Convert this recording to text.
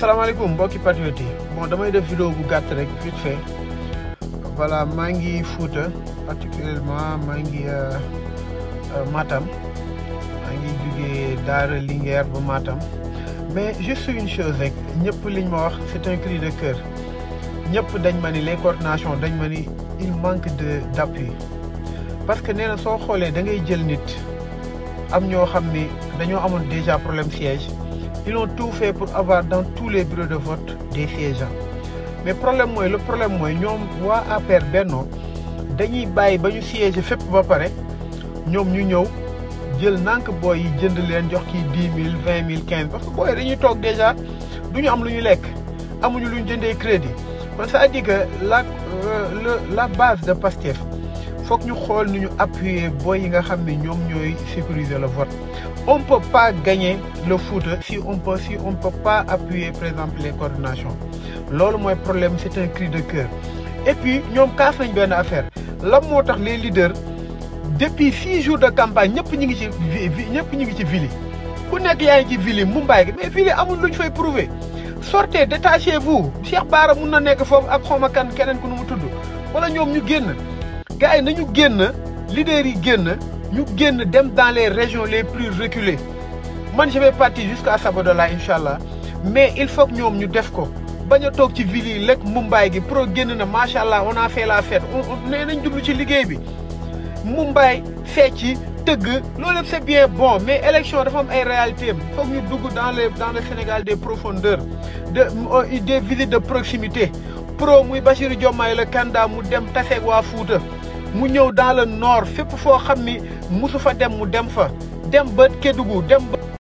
salaamaaleykum mbokki patriote bon demain def vidéo bu gâte rek vite fait voilà mangi foot, particulièrement mangi ngi euh, euh, Matam Mangi jugé jugee Daara Linguère Matam mais juste une chose rek ñëpp liñ ma wax c'est un cri de cœur ñëpp dañ ma les coordinations dañ il manque de d'appui parce que nee na soo xoolee da ngay jël nit am ñoo xam ni dañoo amoon déjà problème siège ils ont tout fait pour avoir dans tous les bureaux de vote des siégeants. Mais le problème c'est le problème est, nous avons affaire Beno, nous avons siégé fait pour préparer, nous avons eu des gens qui ont eu 10 000, 20 000, 15 000, parce que nous avons déjà, fait des gens qui ont eu des gens la base de PASTEF, il faut que nous appuyions nous appuyions, nous le vote. On ne peut pas gagner le foot si on peut si on peut pas appuyer par exemple les coordinations loolu mooy problème c'est un cri de cœur et puis ñoom kaas une bonne affaire la moo les leaders depuis six jours de campagne plus ni ngi ci a plus ngi ci ville ku nekk yaa ngi ci ville Mumbai mais ville amul lu fay prouver sortez détachez-vous Cheikh Bara mun na nekk foofu ak xawma kan keneen ku nu mu tudd wala ñoom ñu génn gars yi nañu leaders yi génn ñu génn dem dans les régions les plus reculées man je vais partir jusqu'à Sabodola incha mais il faut que nous nous def ko bañ a ci ville Mumbai gi pro génn na macha allah on a fait la fête On nañ jublu ci liggéey bi Mumbai fecc Tegu tëgg c'est bien bon mais élection c'est une ay réalité faut que nous dugg dans les dans le Sénégal des profondeurs de euh, des visites de proximité pro muy Bassirou Diomaye la candidat mu dem taseeg waa Fuuta mu ñëw dans le nord fépp foo xam ni nous fa dem mu dem fa dem ba Kédougou dem